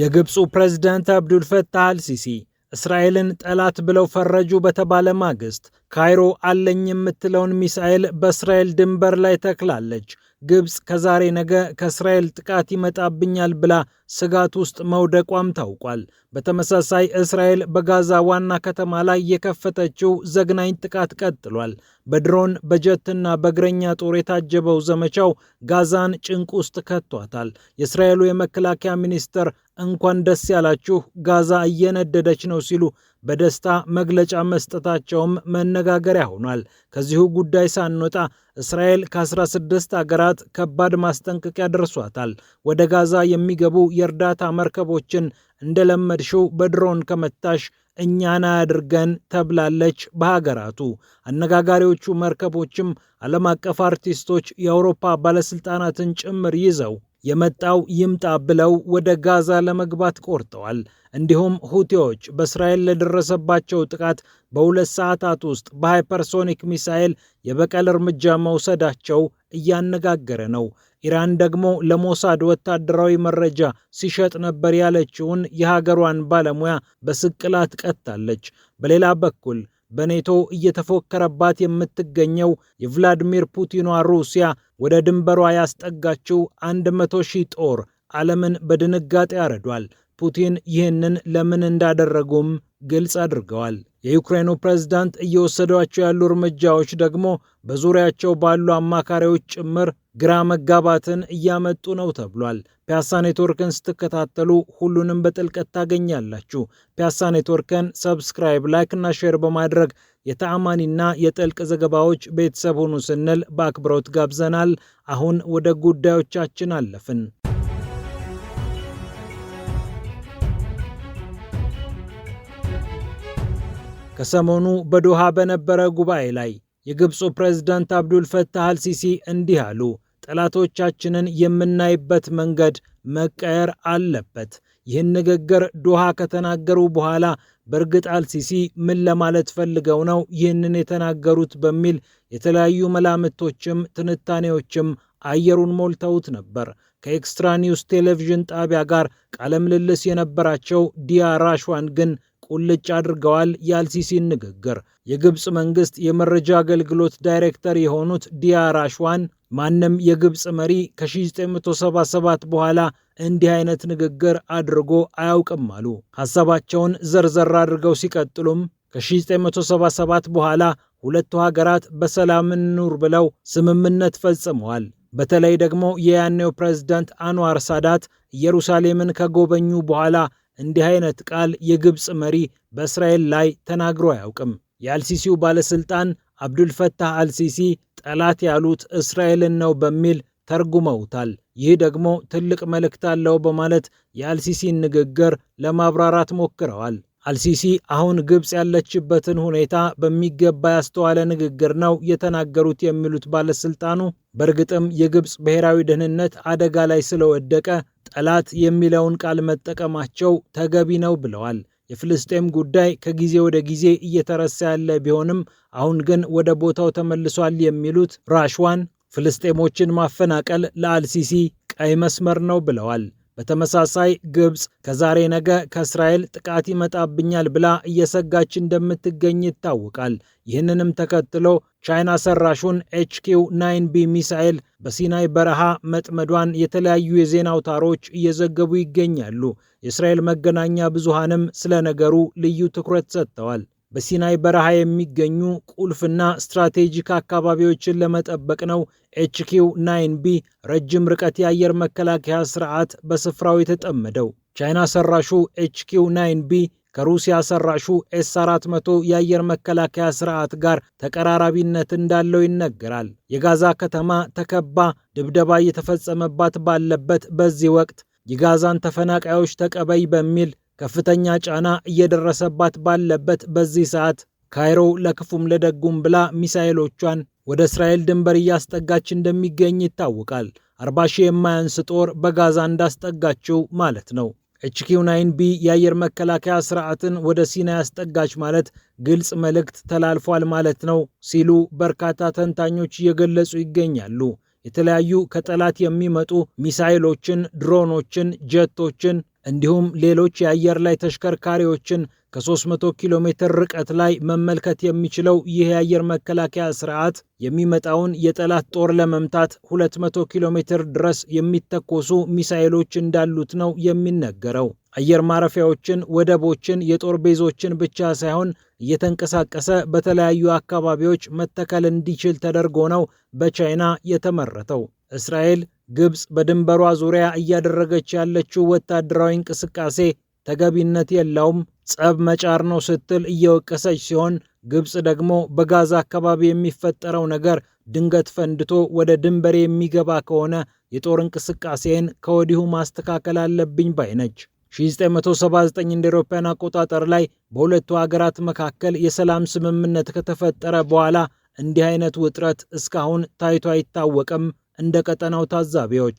የግብፁ ፕሬዝዳንት አብዱልፈታህ አልሲሲ እስራኤልን ጠላት ብለው ፈረጁ በተባለ ማግስት ካይሮ አለኝ የምትለውን ሚሳኤል በእስራኤል ድንበር ላይ ተክላለች። ግብፅ ከዛሬ ነገ ከእስራኤል ጥቃት ይመጣብኛል ብላ ስጋት ውስጥ መውደቋም ታውቋል። በተመሳሳይ እስራኤል በጋዛ ዋና ከተማ ላይ የከፈተችው ዘግናኝ ጥቃት ቀጥሏል። በድሮን በጀትና በእግረኛ ጦር የታጀበው ዘመቻው ጋዛን ጭንቅ ውስጥ ከቷታል። የእስራኤሉ የመከላከያ ሚኒስትር እንኳን ደስ ያላችሁ ጋዛ እየነደደች ነው ሲሉ በደስታ መግለጫ መስጠታቸውም መነጋገሪያ ሆኗል። ከዚሁ ጉዳይ ሳንወጣ እስራኤል ከ16 አገራት ከባድ ማስጠንቀቂያ ደርሷታል። ወደ ጋዛ የሚገቡ የእርዳታ መርከቦችን እንደለመድሽው በድሮን ከመታሽ እኛን አያድርገን ተብላለች በሀገራቱ። አነጋጋሪዎቹ መርከቦችም ዓለም አቀፍ አርቲስቶች፣ የአውሮፓ ባለሥልጣናትን ጭምር ይዘው የመጣው ይምጣ ብለው ወደ ጋዛ ለመግባት ቆርጠዋል። እንዲሁም ሁቲዎች በእስራኤል ለደረሰባቸው ጥቃት በሁለት ሰዓታት ውስጥ በሃይፐርሶኒክ ሚሳኤል የበቀል እርምጃ መውሰዳቸው እያነጋገረ ነው። ኢራን ደግሞ ለሞሳድ ወታደራዊ መረጃ ሲሸጥ ነበር ያለችውን የሀገሯን ባለሙያ በስቅላት ቀጣለች። በሌላ በኩል በኔቶ እየተፎከረባት የምትገኘው የቭላዲሚር ፑቲኗ ሩሲያ ወደ ድንበሯ ያስጠጋችው 100 ሺህ ጦር ዓለምን በድንጋጤ ያረዷል። ፑቲን ይህንን ለምን እንዳደረጉም ግልጽ አድርገዋል። የዩክሬኑ ፕሬዝዳንት እየወሰዷቸው ያሉ እርምጃዎች ደግሞ በዙሪያቸው ባሉ አማካሪዎች ጭምር ግራ መጋባትን እያመጡ ነው ተብሏል። ፒያሳ ኔትወርክን ስትከታተሉ ሁሉንም በጥልቀት ታገኛላችሁ። ፒያሳ ኔትወርክን ሰብስክራይብ፣ ላይክ እና ሼር በማድረግ የተአማኒና የጥልቅ ዘገባዎች ቤተሰብ ሁኑ ስንል በአክብሮት ጋብዘናል። አሁን ወደ ጉዳዮቻችን አለፍን። ከሰሞኑ በዶሃ በነበረ ጉባኤ ላይ የግብፁ ፕሬዝዳንት አብዱል ፈታህ አልሲሲ እንዲህ አሉ። ጠላቶቻችንን የምናይበት መንገድ መቀየር አለበት። ይህን ንግግር ዶሃ ከተናገሩ በኋላ በእርግጥ አልሲሲ ምን ለማለት ፈልገው ነው ይህንን የተናገሩት በሚል የተለያዩ መላምቶችም ትንታኔዎችም አየሩን ሞልተውት ነበር። ከኤክስትራ ኒውስ ቴሌቪዥን ጣቢያ ጋር ቃለ ምልልስ የነበራቸው ዲያ ራሽዋን ግን ቁልጭ አድርገዋል የአልሲሲን ንግግር። የግብፅ መንግስት የመረጃ አገልግሎት ዳይሬክተር የሆኑት ዲያር አሽዋን ማንም የግብፅ መሪ ከ1977 በኋላ እንዲህ አይነት ንግግር አድርጎ አያውቅም አሉ። ሀሳባቸውን ዘርዘር አድርገው ሲቀጥሉም ከ1977 በኋላ ሁለቱ ሀገራት በሰላም እንኑር ብለው ስምምነት ፈጽመዋል። በተለይ ደግሞ የያኔው ፕሬዝዳንት አንዋር ሳዳት ኢየሩሳሌምን ከጎበኙ በኋላ እንዲህ አይነት ቃል የግብፅ መሪ በእስራኤል ላይ ተናግሮ አያውቅም። የአልሲሲው ባለስልጣን አብዱልፈታህ አልሲሲ ጠላት ያሉት እስራኤልን ነው በሚል ተርጉመውታል። ይህ ደግሞ ትልቅ መልእክት አለው በማለት የአልሲሲን ንግግር ለማብራራት ሞክረዋል። አልሲሲ አሁን ግብፅ ያለችበትን ሁኔታ በሚገባ ያስተዋለ ንግግር ነው የተናገሩት የሚሉት ባለስልጣኑ፣ በእርግጥም የግብፅ ብሔራዊ ደህንነት አደጋ ላይ ስለወደቀ ጠላት የሚለውን ቃል መጠቀማቸው ተገቢ ነው ብለዋል። የፍልስጤም ጉዳይ ከጊዜ ወደ ጊዜ እየተረሳ ያለ ቢሆንም አሁን ግን ወደ ቦታው ተመልሷል የሚሉት ራሽዋን ፍልስጤሞችን ማፈናቀል ለአልሲሲ ቀይ መስመር ነው ብለዋል። በተመሳሳይ ግብፅ ከዛሬ ነገ ከእስራኤል ጥቃት ይመጣብኛል ብላ እየሰጋች እንደምትገኝ ይታወቃል። ይህንንም ተከትሎ ቻይና ሰራሹን ኤችኪው ናይን ቢ ሚሳኤል በሲናይ በረሃ መጥመዷን የተለያዩ የዜና አውታሮች እየዘገቡ ይገኛሉ። የእስራኤል መገናኛ ብዙሃንም ስለ ነገሩ ልዩ ትኩረት ሰጥተዋል። በሲናይ በረሃ የሚገኙ ቁልፍና ስትራቴጂክ አካባቢዎችን ለመጠበቅ ነው። ኤችኪው ናይን ቢ ረጅም ርቀት የአየር መከላከያ ስርዓት በስፍራው የተጠመደው። ቻይና ሰራሹ ኤችኪው ናይን ቢ ከሩሲያ ሰራሹ ኤስ 400 የአየር መከላከያ ስርዓት ጋር ተቀራራቢነት እንዳለው ይነገራል። የጋዛ ከተማ ተከባ ድብደባ እየተፈጸመባት ባለበት በዚህ ወቅት የጋዛን ተፈናቃዮች ተቀበይ በሚል ከፍተኛ ጫና እየደረሰባት ባለበት በዚህ ሰዓት ካይሮ ለክፉም ለደጉም ብላ ሚሳኤሎቿን ወደ እስራኤል ድንበር እያስጠጋች እንደሚገኝ ይታወቃል። አርባ ሺህ የማያንስ ጦር በጋዛ እንዳስጠጋችው ማለት ነው። ኤችኪው ናይን ቢ የአየር መከላከያ ስርዓትን ወደ ሲና ያስጠጋች ማለት ግልጽ መልእክት ተላልፏል ማለት ነው ሲሉ በርካታ ተንታኞች እየገለጹ ይገኛሉ። የተለያዩ ከጠላት የሚመጡ ሚሳይሎችን፣ ድሮኖችን፣ ጀቶችን እንዲሁም ሌሎች የአየር ላይ ተሽከርካሪዎችን ከ300 ኪሎ ሜትር ርቀት ላይ መመልከት የሚችለው ይህ የአየር መከላከያ ስርዓት የሚመጣውን የጠላት ጦር ለመምታት 200 ኪሎ ሜትር ድረስ የሚተኮሱ ሚሳይሎች እንዳሉት ነው የሚነገረው። አየር ማረፊያዎችን፣ ወደቦችን፣ የጦር ቤዞችን ብቻ ሳይሆን እየተንቀሳቀሰ በተለያዩ አካባቢዎች መተከል እንዲችል ተደርጎ ነው በቻይና የተመረተው። እስራኤል ግብፅ በድንበሯ ዙሪያ እያደረገች ያለችው ወታደራዊ እንቅስቃሴ ተገቢነት የለውም፣ ጸብ መጫር ነው ስትል እየወቀሰች ሲሆን ግብፅ ደግሞ በጋዛ አካባቢ የሚፈጠረው ነገር ድንገት ፈንድቶ ወደ ድንበሬ የሚገባ ከሆነ የጦር እንቅስቃሴን ከወዲሁ ማስተካከል አለብኝ ባይ ነች። 1979 እንደ አውሮፓውያን አቆጣጠር ላይ በሁለቱ ሀገራት መካከል የሰላም ስምምነት ከተፈጠረ በኋላ እንዲህ አይነት ውጥረት እስካሁን ታይቶ አይታወቅም። እንደ ቀጠናው ታዛቢዎች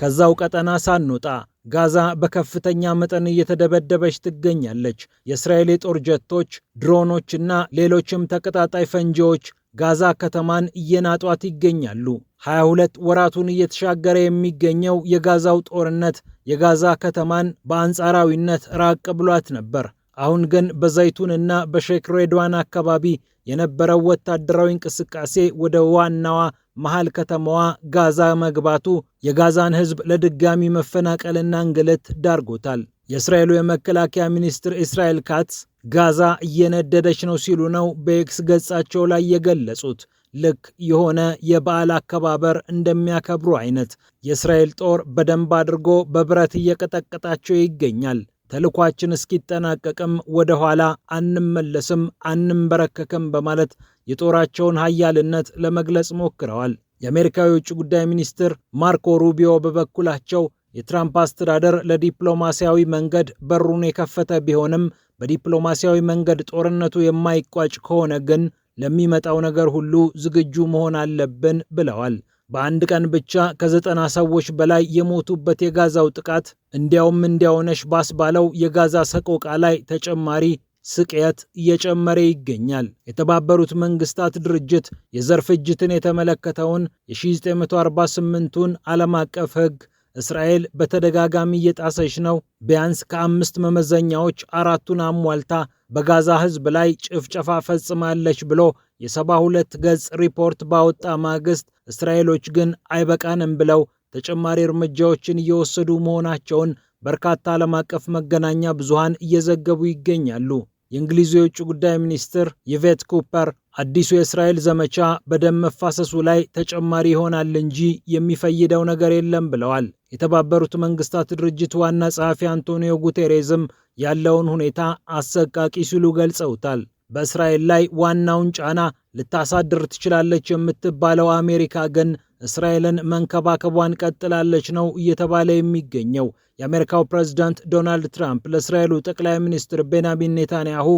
ከዛው ቀጠና ሳንወጣ ጋዛ በከፍተኛ መጠን እየተደበደበች ትገኛለች። የእስራኤል የጦር ጀቶች፣ ድሮኖችና ሌሎችም ተቀጣጣይ ፈንጂዎች ጋዛ ከተማን እየናጧት ይገኛሉ። 22 ወራቱን እየተሻገረ የሚገኘው የጋዛው ጦርነት የጋዛ ከተማን በአንጻራዊነት ራቅ ብሏት ነበር። አሁን ግን በዘይቱን እና በሼክ ሬድዋን አካባቢ የነበረው ወታደራዊ እንቅስቃሴ ወደ ዋናዋ መሃል ከተማዋ ጋዛ መግባቱ የጋዛን ሕዝብ ለድጋሚ መፈናቀልና እንግልት ዳርጎታል። የእስራኤሉ የመከላከያ ሚኒስትር ኢስራኤል ካትስ ጋዛ እየነደደች ነው ሲሉ ነው በኤክስ ገጻቸው ላይ የገለጹት። ልክ የሆነ የበዓል አከባበር እንደሚያከብሩ አይነት የእስራኤል ጦር በደንብ አድርጎ በብረት እየቀጠቀጣቸው ይገኛል። ተልኳችን እስኪጠናቀቅም ወደ ኋላ አንመለስም፣ አንንበረከክም በማለት የጦራቸውን ሀያልነት ለመግለጽ ሞክረዋል። የአሜሪካዊ የውጭ ጉዳይ ሚኒስትር ማርኮ ሩቢዮ በበኩላቸው የትራምፕ አስተዳደር ለዲፕሎማሲያዊ መንገድ በሩን የከፈተ ቢሆንም በዲፕሎማሲያዊ መንገድ ጦርነቱ የማይቋጭ ከሆነ ግን ለሚመጣው ነገር ሁሉ ዝግጁ መሆን አለብን ብለዋል። በአንድ ቀን ብቻ ከዘጠና ሰዎች በላይ የሞቱበት የጋዛው ጥቃት እንዲያውም እንዲያውነሽ ባስ ባለው የጋዛ ሰቆቃ ላይ ተጨማሪ ስቅየት እየጨመረ ይገኛል። የተባበሩት መንግስታት ድርጅት የዘር ፍጅትን የተመለከተውን የ1948ቱን ዓለም አቀፍ ሕግ እስራኤል በተደጋጋሚ እየጣሰች ነው። ቢያንስ ከአምስት መመዘኛዎች አራቱን አሟልታ በጋዛ ሕዝብ ላይ ጭፍጨፋ ፈጽማለች ብሎ የሰባ ሁለት ገጽ ሪፖርት ባወጣ ማግስት እስራኤሎች ግን አይበቃንም ብለው ተጨማሪ እርምጃዎችን እየወሰዱ መሆናቸውን በርካታ ዓለም አቀፍ መገናኛ ብዙሃን እየዘገቡ ይገኛሉ። የእንግሊዙ የውጭ ጉዳይ ሚኒስትር ይቬት ኩፐር አዲሱ የእስራኤል ዘመቻ በደም መፋሰሱ ላይ ተጨማሪ ይሆናል እንጂ የሚፈይደው ነገር የለም ብለዋል። የተባበሩት መንግስታት ድርጅት ዋና ጸሐፊ አንቶኒዮ ጉቴሬዝም ያለውን ሁኔታ አሰቃቂ ሲሉ ገልጸውታል። በእስራኤል ላይ ዋናውን ጫና ልታሳድር ትችላለች የምትባለው አሜሪካ ግን እስራኤልን መንከባከቧን ቀጥላለች ነው እየተባለ የሚገኘው። የአሜሪካው ፕሬዝዳንት ዶናልድ ትራምፕ ለእስራኤሉ ጠቅላይ ሚኒስትር ቤንያሚን ኔታንያሁ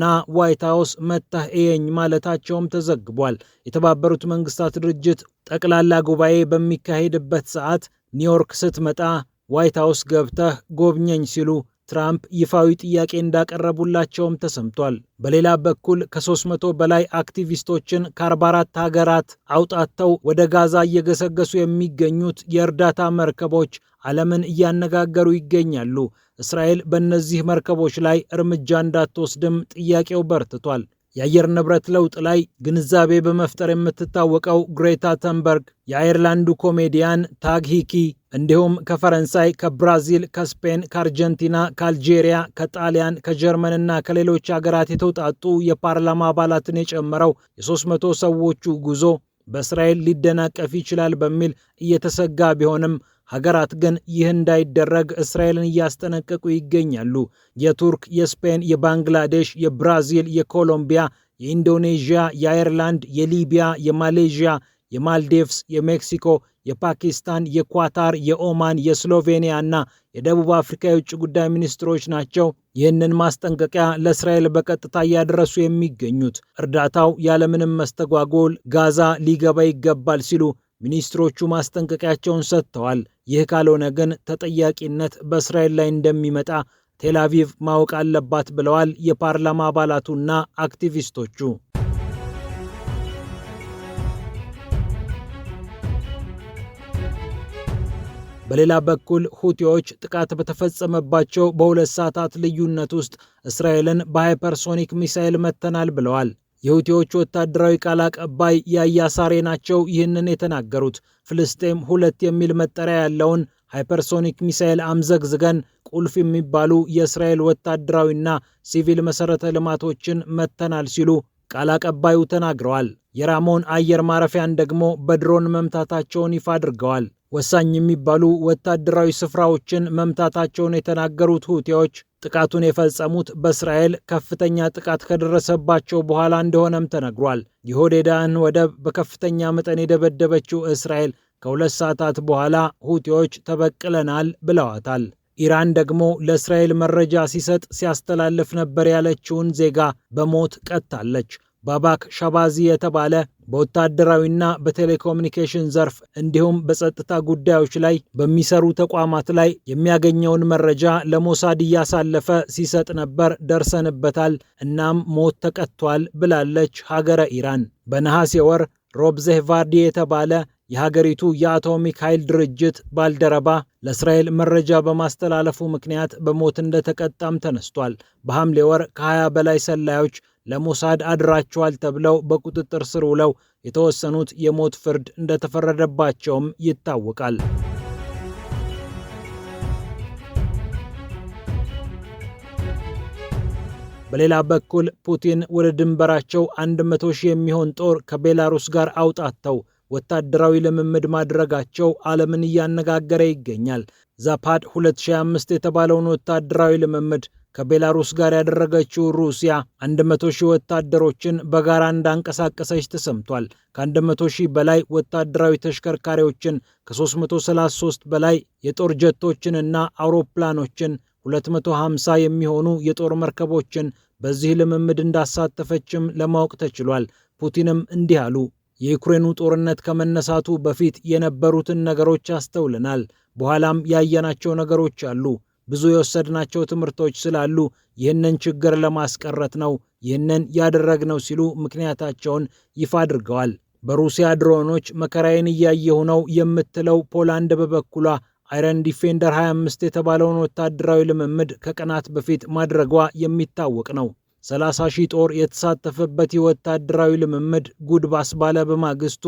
ና ዋይት ሀውስ መታህ እየኝ ማለታቸውም ተዘግቧል። የተባበሩት መንግስታት ድርጅት ጠቅላላ ጉባኤ በሚካሄድበት ሰዓት ኒውዮርክ ስትመጣ ዋይት ሀውስ ገብተህ ጎብኘኝ ሲሉ ትራምፕ ይፋዊ ጥያቄ እንዳቀረቡላቸውም ተሰምቷል። በሌላ በኩል ከ300 በላይ አክቲቪስቶችን ከ44 ሀገራት አውጣተው ወደ ጋዛ እየገሰገሱ የሚገኙት የእርዳታ መርከቦች ዓለምን እያነጋገሩ ይገኛሉ። እስራኤል በእነዚህ መርከቦች ላይ እርምጃ እንዳትወስድም ጥያቄው በርትቷል። የአየር ንብረት ለውጥ ላይ ግንዛቤ በመፍጠር የምትታወቀው ግሬታ ተንበርግ የአይርላንዱ ኮሜዲያን ታግ ሂኪ እንዲሁም ከፈረንሳይ፣ ከብራዚል፣ ከስፔን፣ ከአርጀንቲና፣ ከአልጄሪያ፣ ከጣሊያን፣ ከጀርመን እና ከሌሎች ሀገራት የተውጣጡ የፓርላማ አባላትን የጨመረው የ300 ሰዎቹ ጉዞ በእስራኤል ሊደናቀፍ ይችላል በሚል እየተሰጋ ቢሆንም ሀገራት ግን ይህ እንዳይደረግ እስራኤልን እያስጠነቀቁ ይገኛሉ። የቱርክ፣ የስፔን፣ የባንግላዴሽ፣ የብራዚል፣ የኮሎምቢያ፣ የኢንዶኔዥያ፣ የአየርላንድ፣ የሊቢያ፣ የማሌዥያ፣ የማልዲቭስ፣ የሜክሲኮ፣ የፓኪስታን፣ የኳታር፣ የኦማን፣ የስሎቬኒያ እና የደቡብ አፍሪካ የውጭ ጉዳይ ሚኒስትሮች ናቸው ይህንን ማስጠንቀቂያ ለእስራኤል በቀጥታ እያደረሱ የሚገኙት። እርዳታው ያለምንም መስተጓጎል ጋዛ ሊገባ ይገባል ሲሉ ሚኒስትሮቹ ማስጠንቀቂያቸውን ሰጥተዋል። ይህ ካልሆነ ግን ተጠያቂነት በእስራኤል ላይ እንደሚመጣ ቴላቪቭ ማወቅ አለባት ብለዋል የፓርላማ አባላቱና አክቲቪስቶቹ። በሌላ በኩል ሁቲዎች ጥቃት በተፈጸመባቸው በሁለት ሰዓታት ልዩነት ውስጥ እስራኤልን በሃይፐርሶኒክ ሚሳኤል መተናል ብለዋል። የሁቲዎቹ ወታደራዊ ቃል አቀባይ ያያ ሳሬ ናቸው ይህንን የተናገሩት። ፍልስጤም ሁለት የሚል መጠሪያ ያለውን ሃይፐርሶኒክ ሚሳኤል አምዘግዝገን ቁልፍ የሚባሉ የእስራኤል ወታደራዊና ሲቪል መሠረተ ልማቶችን መተናል ሲሉ ቃል አቀባዩ ተናግረዋል። የራሞን አየር ማረፊያን ደግሞ በድሮን መምታታቸውን ይፋ አድርገዋል። ወሳኝ የሚባሉ ወታደራዊ ስፍራዎችን መምታታቸውን የተናገሩት ሁቲዎች ጥቃቱን የፈጸሙት በእስራኤል ከፍተኛ ጥቃት ከደረሰባቸው በኋላ እንደሆነም ተነግሯል። የሆዴዳን ወደብ በከፍተኛ መጠን የደበደበችው እስራኤል ከሁለት ሰዓታት በኋላ ሁቲዎች ተበቅለናል ብለዋታል። ኢራን ደግሞ ለእስራኤል መረጃ ሲሰጥ ሲያስተላልፍ ነበር ያለችውን ዜጋ በሞት ቀታለች። ባባክ ሻባዚ የተባለ በወታደራዊና በቴሌኮሙኒኬሽን ዘርፍ እንዲሁም በጸጥታ ጉዳዮች ላይ በሚሰሩ ተቋማት ላይ የሚያገኘውን መረጃ ለሞሳድ እያሳለፈ ሲሰጥ ነበር፣ ደርሰንበታል፣ እናም ሞት ተቀጥቷል ብላለች ሀገረ ኢራን። በነሐሴ ወር ሮብ ዜህቫርዲ የተባለ የሀገሪቱ የአቶሚክ ኃይል ድርጅት ባልደረባ ለእስራኤል መረጃ በማስተላለፉ ምክንያት በሞት እንደተቀጣም ተነስቷል። በሐምሌ ወር ከ20 በላይ ሰላዮች ለሞሳድ አድራቸዋል ተብለው በቁጥጥር ስር ውለው የተወሰኑት የሞት ፍርድ እንደተፈረደባቸውም ይታወቃል። በሌላ በኩል ፑቲን ወደ ድንበራቸው 100 ሺህ የሚሆን ጦር ከቤላሩስ ጋር አውጣተው ወታደራዊ ልምምድ ማድረጋቸው ዓለምን እያነጋገረ ይገኛል። ዛፓድ 2025 የተባለውን ወታደራዊ ልምምድ ከቤላሩስ ጋር ያደረገችው ሩሲያ 100 ሺህ ወታደሮችን በጋራ እንዳንቀሳቀሰች ተሰምቷል። ከ100 ሺህ በላይ ወታደራዊ ተሽከርካሪዎችን፣ ከ333 በላይ የጦር ጀቶችንና አውሮፕላኖችን፣ 250 የሚሆኑ የጦር መርከቦችን በዚህ ልምምድ እንዳሳተፈችም ለማወቅ ተችሏል። ፑቲንም እንዲህ አሉ። የዩክሬኑ ጦርነት ከመነሳቱ በፊት የነበሩትን ነገሮች አስተውልናል። በኋላም ያየናቸው ነገሮች አሉ ብዙ የወሰድናቸው ትምህርቶች ስላሉ ይህንን ችግር ለማስቀረት ነው ይህንን ያደረግነው ሲሉ ምክንያታቸውን ይፋ አድርገዋል። በሩሲያ ድሮኖች መከራዬን እያየሁ ነው የምትለው ፖላንድ በበኩሏ አይረን ዲፌንደር 25 የተባለውን ወታደራዊ ልምምድ ከቀናት በፊት ማድረጓ የሚታወቅ ነው። 30 ሺህ ጦር የተሳተፈበት የወታደራዊ ልምምድ ጉድ ባለ በማግስቱ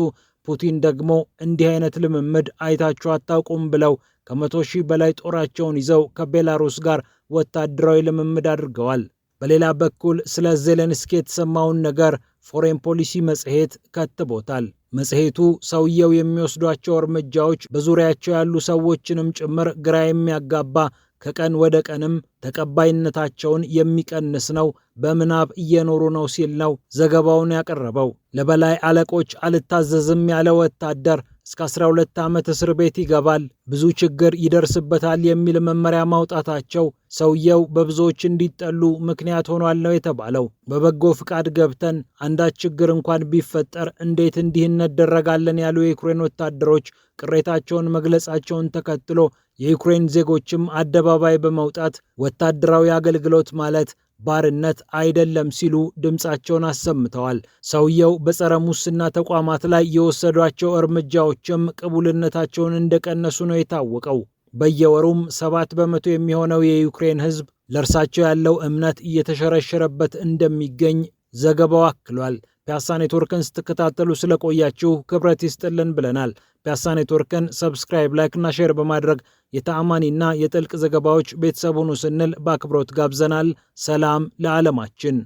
ፑቲን ደግሞ እንዲህ አይነት ልምምድ አይታችሁ አታውቁም ብለው ከመቶ ሺህ በላይ ጦራቸውን ይዘው ከቤላሩስ ጋር ወታደራዊ ልምምድ አድርገዋል። በሌላ በኩል ስለ ዜሌንስኪ የተሰማውን ነገር ፎሬን ፖሊሲ መጽሔት ከትቦታል። መጽሔቱ ሰውየው የሚወስዷቸው እርምጃዎች በዙሪያቸው ያሉ ሰዎችንም ጭምር ግራ የሚያጋባ ከቀን ወደ ቀንም ተቀባይነታቸውን የሚቀንስ ነው፣ በምናብ እየኖሩ ነው ሲል ነው ዘገባውን ያቀረበው። ለበላይ አለቆች አልታዘዝም ያለ ወታደር እስከ 12 ዓመት እስር ቤት ይገባል፣ ብዙ ችግር ይደርስበታል የሚል መመሪያ ማውጣታቸው ሰውየው በብዙዎች እንዲጠሉ ምክንያት ሆኗል ነው የተባለው። በበጎ ፍቃድ ገብተን አንዳች ችግር እንኳን ቢፈጠር እንዴት እንዲህ እንደረጋለን ያሉ የዩክሬን ወታደሮች ቅሬታቸውን መግለጻቸውን ተከትሎ የዩክሬን ዜጎችም አደባባይ በመውጣት ወታደራዊ አገልግሎት ማለት ባርነት አይደለም ሲሉ ድምፃቸውን አሰምተዋል። ሰውየው በጸረ ሙስና ተቋማት ላይ የወሰዷቸው እርምጃዎችም ቅቡልነታቸውን እንደቀነሱ ነው የታወቀው። በየወሩም ሰባት በመቶ የሚሆነው የዩክሬን ሕዝብ ለእርሳቸው ያለው እምነት እየተሸረሸረበት እንደሚገኝ ዘገባው አክሏል። ፒያሳ ኔትወርክን ስትከታተሉ ስለቆያችሁ ክብረት ይስጥልን ብለናል። ፒያሳ ኔትወርክን ሰብስክራይብ፣ ላይክና ሼር በማድረግ የተአማኒና የጥልቅ ዘገባዎች ቤተሰብ ሁኑ ስንል በአክብሮት ጋብዘናል። ሰላም ለዓለማችን።